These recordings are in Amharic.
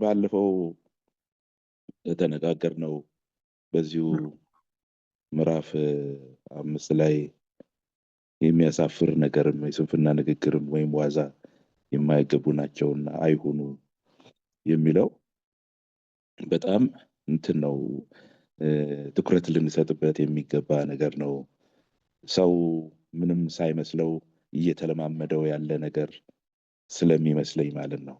ባለፈው ነው። በዚሁ ምዕራፍ አምስት ላይ የሚያሳፍር ነገርም የስንፍና ንግግርም ወይም ዋዛ የማይገቡ ናቸውና አይሁኑ የሚለው በጣም እንትን ነው ትኩረት ልንሰጥበት የሚገባ ነገር ነው። ሰው ምንም ሳይመስለው እየተለማመደው ያለ ነገር ስለሚመስለኝ ማለት ነው።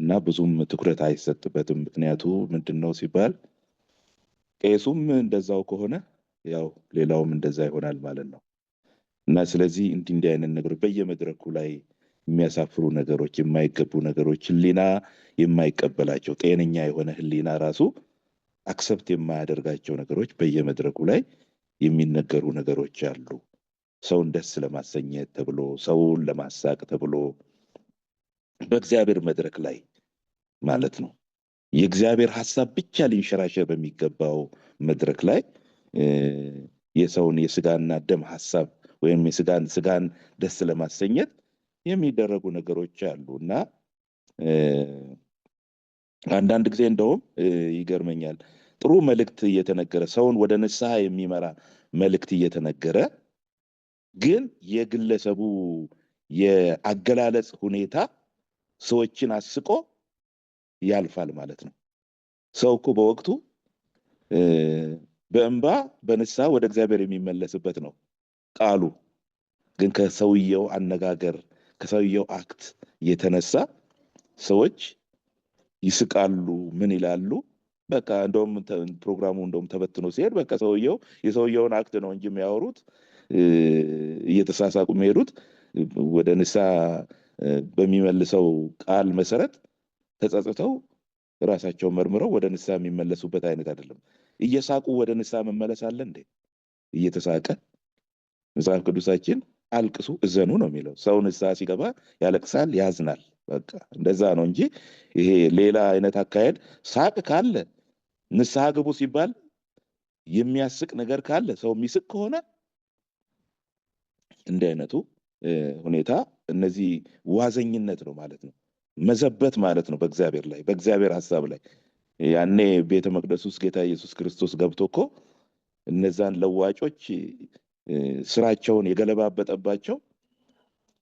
እና ብዙም ትኩረት አይሰጥበትም። ምክንያቱ ምንድን ነው ሲባል ቄሱም እንደዛው ከሆነ ያው ሌላውም እንደዛ ይሆናል ማለት ነው። እና ስለዚህ እንዲህ እንዲህ አይነት ነገሮች በየመድረኩ ላይ የሚያሳፍሩ ነገሮች፣ የማይገቡ ነገሮች፣ ህሊና የማይቀበላቸው ጤነኛ የሆነ ህሊና ራሱ አክሰፕት የማያደርጋቸው ነገሮች በየመድረኩ ላይ የሚነገሩ ነገሮች አሉ። ሰውን ደስ ለማሰኘት ተብሎ ሰውን ለማሳቅ ተብሎ በእግዚአብሔር መድረክ ላይ ማለት ነው። የእግዚአብሔር ሀሳብ ብቻ ሊንሸራሸር በሚገባው መድረክ ላይ የሰውን የስጋና ደም ሀሳብ ወይም የስጋን ስጋን ደስ ለማሰኘት የሚደረጉ ነገሮች አሉ እና አንዳንድ ጊዜ እንደውም ይገርመኛል ጥሩ መልእክት እየተነገረ ሰውን ወደ ንስሐ የሚመራ መልእክት እየተነገረ ግን የግለሰቡ የአገላለጽ ሁኔታ ሰዎችን አስቆ ያልፋል ማለት ነው። ሰው እኮ በወቅቱ በእንባ በንሳ ወደ እግዚአብሔር የሚመለስበት ነው ቃሉ። ግን ከሰውየው አነጋገር ከሰውየው አክት የተነሳ ሰዎች ይስቃሉ። ምን ይላሉ? በቃ እንደውም ፕሮግራሙ እንደውም ተበትኖ ሲሄድ በቃ ሰውየው የሰውየውን አክት ነው እንጂ የሚያወሩት እየተሳሳቁ የሚሄዱት ወደ ንሳ በሚመልሰው ቃል መሰረት ተጸጽተው ራሳቸው መርምረው ወደ ንሳ የሚመለሱበት አይነት አይደለም። እየሳቁ ወደ ንሳ መመለስ አለ እንዴ? እየተሳቀ መጽሐፍ ቅዱሳችን አልቅሱ እዘኑ ነው የሚለው። ሰው ንሳ ሲገባ ያለቅሳል፣ ያዝናል። በቃ እንደዛ ነው እንጂ ይሄ ሌላ አይነት አካሄድ ሳቅ ካለ ንስሐ ግቡ ሲባል የሚያስቅ ነገር ካለ ሰው የሚስቅ ከሆነ እንዲህ አይነቱ ሁኔታ እነዚህ ዋዘኝነት ነው ማለት ነው። መዘበት ማለት ነው በእግዚአብሔር ላይ በእግዚአብሔር ሀሳብ ላይ ያኔ ቤተ መቅደስ ውስጥ ጌታ ኢየሱስ ክርስቶስ ገብቶ እኮ እነዛን ለዋጮች ስራቸውን የገለባበጠባቸው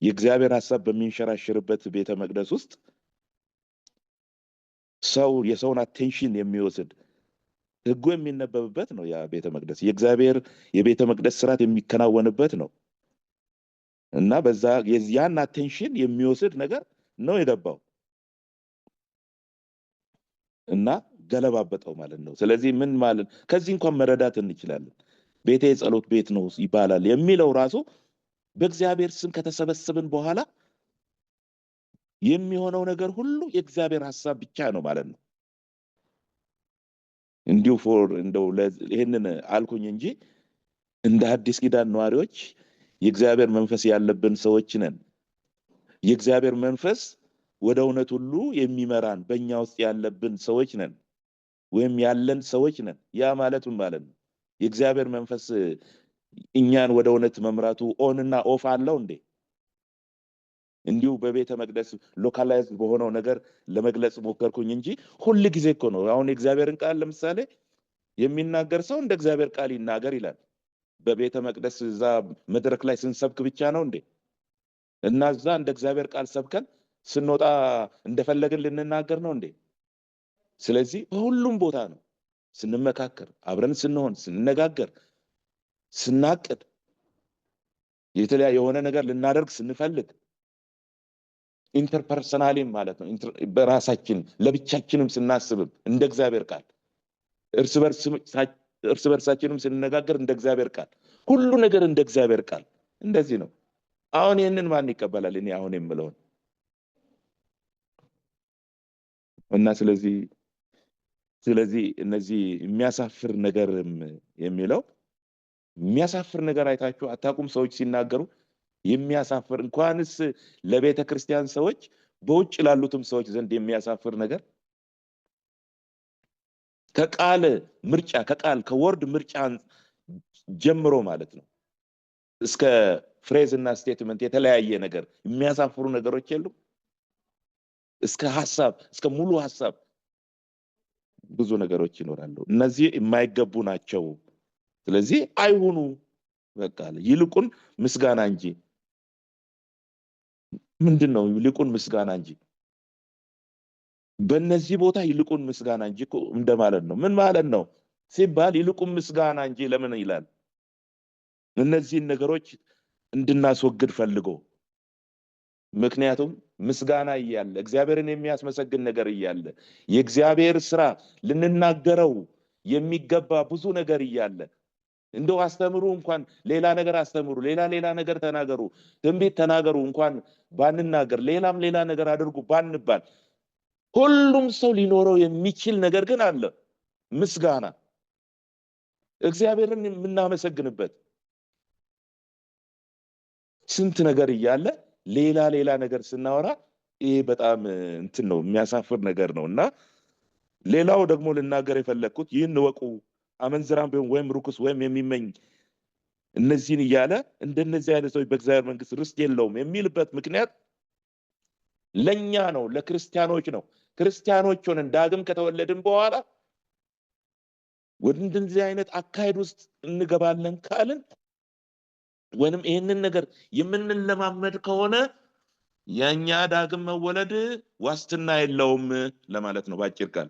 የእግዚአብሔር ሀሳብ በሚንሸራሽርበት ቤተ መቅደስ ውስጥ ሰው የሰውን አቴንሽን የሚወስድ ህጉ የሚነበብበት ነው ያ ቤተ መቅደስ የእግዚአብሔር የቤተ መቅደስ ስርዓት የሚከናወንበት ነው። እና በዛ ያን አቴንሽን የሚወስድ ነገር ነው የደባው እና ገለባበጠው ማለት ነው። ስለዚህ ምን ማለት ከዚህ እንኳን መረዳት እንችላለን። ቤቴ የጸሎት ቤት ነው ይባላል የሚለው ራሱ በእግዚአብሔር ስም ከተሰበሰብን በኋላ የሚሆነው ነገር ሁሉ የእግዚአብሔር ሀሳብ ብቻ ነው ማለት ነው። እንዲሁ ፎር እንደው ይህንን አልኩኝ እንጂ እንደ አዲስ ኪዳን ነዋሪዎች የእግዚአብሔር መንፈስ ያለብን ሰዎች ነን። የእግዚአብሔር መንፈስ ወደ እውነት ሁሉ የሚመራን በእኛ ውስጥ ያለብን ሰዎች ነን ወይም ያለን ሰዎች ነን። ያ ማለቱም ማለት ነው የእግዚአብሔር መንፈስ እኛን ወደ እውነት መምራቱ ኦንና ኦፍ አለው እንዴ? እንዲሁ በቤተ መቅደስ ሎካላይዝ በሆነው ነገር ለመግለጽ ሞከርኩኝ እንጂ ሁል ጊዜ እኮ ነው። አሁን የእግዚአብሔርን ቃል ለምሳሌ የሚናገር ሰው እንደ እግዚአብሔር ቃል ይናገር ይላል። በቤተ መቅደስ እዛ መድረክ ላይ ስንሰብክ ብቻ ነው እንዴ? እና እዛ እንደ እግዚአብሔር ቃል ሰብከን ስንወጣ እንደፈለግን ልንናገር ነው እንዴ? ስለዚህ በሁሉም ቦታ ነው ስንመካከር፣ አብረን ስንሆን፣ ስንነጋገር፣ ስናቅድ፣ የተለያየ የሆነ ነገር ልናደርግ ስንፈልግ ኢንተርፐርሰናሊም ማለት ነው። በራሳችን ለብቻችንም ስናስብም እንደ እግዚአብሔር ቃል እርስ በርስ እርስ በርሳችንም ስንነጋገር እንደ እግዚአብሔር ቃል ሁሉ ነገር እንደ እግዚአብሔር ቃል እንደዚህ ነው። አሁን ይህንን ማን ይቀበላል? እኔ አሁን የምለውን እና ስለዚህ ስለዚህ እነዚህ የሚያሳፍር ነገርም የሚለው የሚያሳፍር ነገር አይታችሁ አታውቁም? ሰዎች ሲናገሩ የሚያሳፍር እንኳንስ ለቤተ ክርስቲያን ሰዎች በውጭ ላሉትም ሰዎች ዘንድ የሚያሳፍር ነገር ከቃል ምርጫ ከቃል ከወርድ ምርጫ ጀምሮ ማለት ነው እስከ ፍሬዝ እና ስቴትመንት የተለያየ ነገር የሚያሳፍሩ ነገሮች የሉም። እስከ ሀሳብ እስከ ሙሉ ሀሳብ ብዙ ነገሮች ይኖራሉ። እነዚህ የማይገቡ ናቸው። ስለዚህ አይሁኑ በቃ ይልቁን ምስጋና እንጂ ምንድን ነው? ይልቁን ምስጋና እንጂ በነዚህ ቦታ ይልቁን ምስጋና እንጂ እንደማለት ነው። ምን ማለት ነው ሲባል ይልቁን ምስጋና እንጂ ለምን ይላል? እነዚህን ነገሮች እንድናስወግድ ፈልጎ ምክንያቱም ምስጋና እያለ እግዚአብሔርን የሚያስመሰግን ነገር እያለ የእግዚአብሔር ስራ ልንናገረው የሚገባ ብዙ ነገር እያለ እንደው አስተምሩ እንኳን ሌላ ነገር አስተምሩ፣ ሌላ ሌላ ነገር ተናገሩ፣ ትንቢት ተናገሩ እንኳን ባንናገር፣ ሌላም ሌላ ነገር አድርጉ ባንባል ሁሉም ሰው ሊኖረው የሚችል ነገር ግን አለ፣ ምስጋና፣ እግዚአብሔርን የምናመሰግንበት። ስንት ነገር እያለ ሌላ ሌላ ነገር ስናወራ ይሄ በጣም እንትን ነው፣ የሚያሳፍር ነገር ነው እና ሌላው ደግሞ ልናገር የፈለግኩት ይህን እወቁ፣ አመንዝራም ቢሆን ወይም ርኩስ ወይም የሚመኝ እነዚህን እያለ እንደነዚህ አይነት ሰዎች በእግዚአብሔር መንግስት ርስት የለውም የሚልበት ምክንያት ለእኛ ነው፣ ለክርስቲያኖች ነው። ክርስቲያኖች ሆነን ዳግም ከተወለድን በኋላ ወደ እንደዚህ አይነት አካሄድ ውስጥ እንገባለን ካልን ወይንም ይህንን ነገር የምንለማመድ ከሆነ የእኛ ዳግም መወለድ ዋስትና የለውም ለማለት ነው በአጭር ቃል።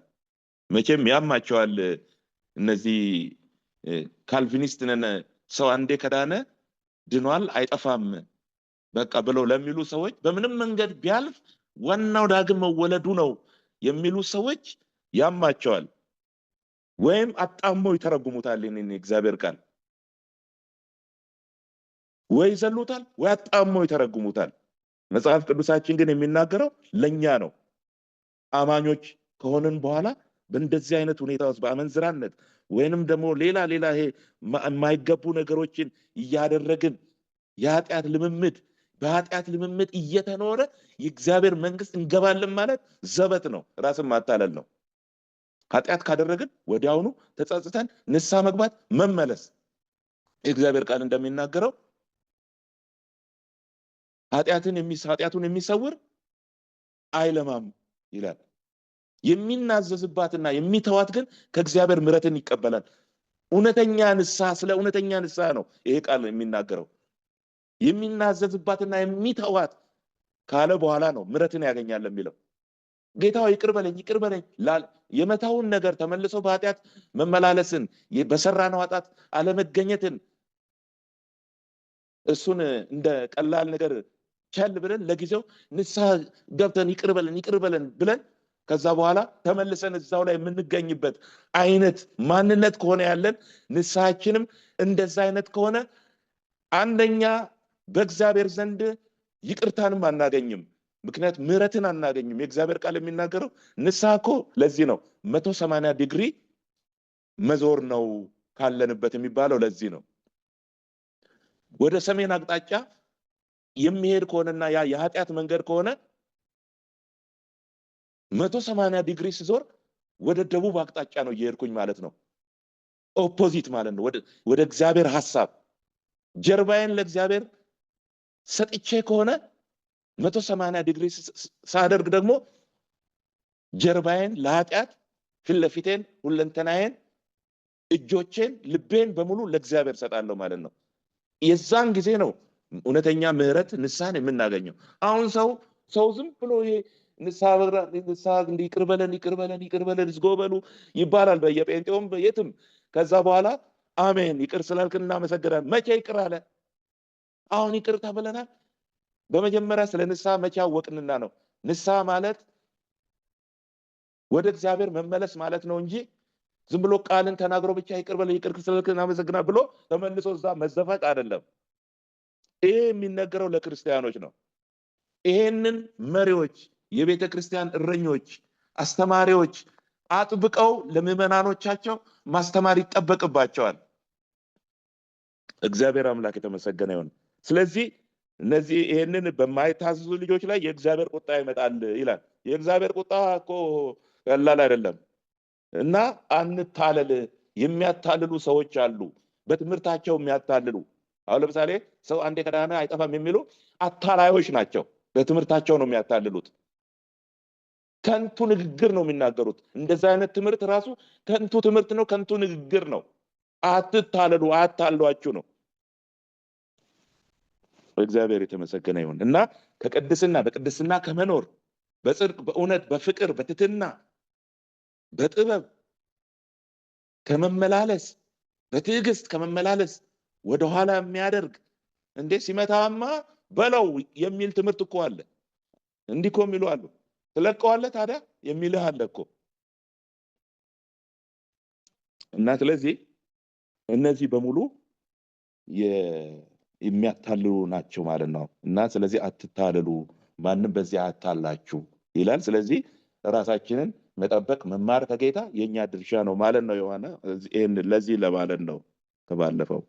መቼም ያማቸዋል እነዚህ ካልቪኒስት ነን ሰው አንዴ ከዳነ ድኗል አይጠፋም በቃ ብለው ለሚሉ ሰዎች በምንም መንገድ ቢያልፍ ዋናው ዳግም መወለዱ ነው የሚሉ ሰዎች ያማቸዋል ወይም አጣሞ ይተረጉሙታል። ይህንን የእግዚአብሔር ቃል ወይ ይዘሉታል ወይ አጣሞ ይተረጉሙታል። መጽሐፍ ቅዱሳችን ግን የሚናገረው ለእኛ ነው። አማኞች ከሆንን በኋላ በእንደዚህ አይነት ሁኔታ ውስጥ በአመንዝራነት ወይንም ደግሞ ሌላ ሌላ ይሄ የማይገቡ ነገሮችን እያደረግን የኃጢአት ልምምድ በኃጢአት ልምምድ እየተኖረ የእግዚአብሔር መንግስት እንገባለን ማለት ዘበት ነው፣ ራስን ማታለል ነው። ኃጢአት ካደረግን ወዲያውኑ ተጸጽተን ንሳ መግባት መመለስ። የእግዚአብሔር ቃል እንደሚናገረው ኃጢአቱን የሚሰውር አይለማም ይላል። የሚናዘዝባትና የሚተዋት ግን ከእግዚአብሔር ምረትን ይቀበላል። እውነተኛ ንስሐ ስለ እውነተኛ ንስሐ ነው ይሄ ቃል የሚናገረው። የሚናዘዝባትና የሚተዋት ካለ በኋላ ነው ምረትን ያገኛል የሚለው። ጌታ ይቅር በለኝ ይቅር በለኝ የመታውን ነገር ተመልሶ በኃጢአት መመላለስን ነው አጣት አለመገኘትን እሱን እንደ ቀላል ነገር ቸል ብለን ለጊዜው ንስሐ ገብተን ይቅር በለን ይቅር በለን ብለን ከዛ በኋላ ተመልሰን እዛው ላይ የምንገኝበት አይነት ማንነት ከሆነ ያለን ንስሐችንም እንደዛ አይነት ከሆነ አንደኛ በእግዚአብሔር ዘንድ ይቅርታንም አናገኝም። ምክንያት ምሕረትን አናገኝም። የእግዚአብሔር ቃል የሚናገረው ንስሐ እኮ ለዚህ ነው መቶ ሰማንያ ዲግሪ መዞር ነው ካለንበት የሚባለው ለዚህ ነው። ወደ ሰሜን አቅጣጫ የሚሄድ ከሆነና ያ የኃጢአት መንገድ ከሆነ መቶ ሰማንያ ዲግሪ ስዞር ወደ ደቡብ አቅጣጫ ነው እየሄድኩኝ ማለት ነው። ኦፖዚት ማለት ነው ወደ እግዚአብሔር ሀሳብ ጀርባዬን ለእግዚአብሔር ሰጥቼ ከሆነ መቶ ሰማንያ ዲግሪ ሳደርግ ደግሞ ጀርባዬን ለኃጢአት ፊትለፊቴን፣ ሁለንተናዬን እጆቼን ልቤን በሙሉ ለእግዚአብሔር ሰጣለሁ ማለት ነው። የዛን ጊዜ ነው እውነተኛ ምህረት ንስሐን የምናገኘው። አሁን ሰው ሰው ዝም ብሎ ይሄ ንስሐ ይቅር በለን ይቅር በለን ይቅር በለን ዝጎበሉ ይባላል በየጴንጤውም የትም። ከዛ በኋላ አሜን ይቅር ስላልክን እናመሰግናለን። መቼ ይቅር አለ? አሁን ይቅርታ ብለናል። በመጀመሪያ ስለ ንሳ መቼ ወቅንና ነው? ንሳ ማለት ወደ እግዚአብሔር መመለስ ማለት ነው እንጂ ዝም ብሎ ቃልን ተናግሮ ብቻ ይቅር በለ ይቅር እናመሰግና ብሎ ተመልሶ እዛ መዘፈቅ አይደለም። ይሄ የሚነገረው ለክርስቲያኖች ነው። ይሄንን መሪዎች፣ የቤተ ክርስቲያን እረኞች፣ አስተማሪዎች አጥብቀው ለምዕመናኖቻቸው ማስተማር ይጠበቅባቸዋል። እግዚአብሔር አምላክ የተመሰገነ ይሁን። ስለዚህ እነዚህ ይህንን በማይታዘዙ ልጆች ላይ የእግዚአብሔር ቁጣ ይመጣል ይላል። የእግዚአብሔር ቁጣ እኮ ቀላል አይደለም እና አንታለል። የሚያታልሉ ሰዎች አሉ፣ በትምህርታቸው የሚያታልሉ አሁን ለምሳሌ ሰው አንዴ ከዳነ አይጠፋም የሚሉ አታላዮች ናቸው። በትምህርታቸው ነው የሚያታልሉት። ከንቱ ንግግር ነው የሚናገሩት። እንደዚ አይነት ትምህርት ራሱ ከንቱ ትምህርት ነው፣ ከንቱ ንግግር ነው። አትታለሉ፣ አታሏችሁ ነው። እግዚአብሔር የተመሰገነ ይሁን እና ከቅድስና በቅድስና ከመኖር በጽድቅ በእውነት በፍቅር በትትና በጥበብ ከመመላለስ በትዕግስት ከመመላለስ ወደኋላ የሚያደርግ እንዴ ሲመታማ በለው የሚል ትምህርት እኮ አለ። እንዲኮ የሚሉ አሉ። ትለቀዋለ ታዲያ የሚልህ አለ እኮ እና ስለዚህ እነዚህ በሙሉ የሚያታልሉ ናቸው ማለት ነው እና ስለዚህ አትታልሉ ማንም በዚህ አታላችሁ ይላል። ስለዚህ ራሳችንን መጠበቅ መማር ከጌታ የእኛ ድርሻ ነው ማለት ነው። የሆነ ለዚህ ለማለት ነው ከባለፈው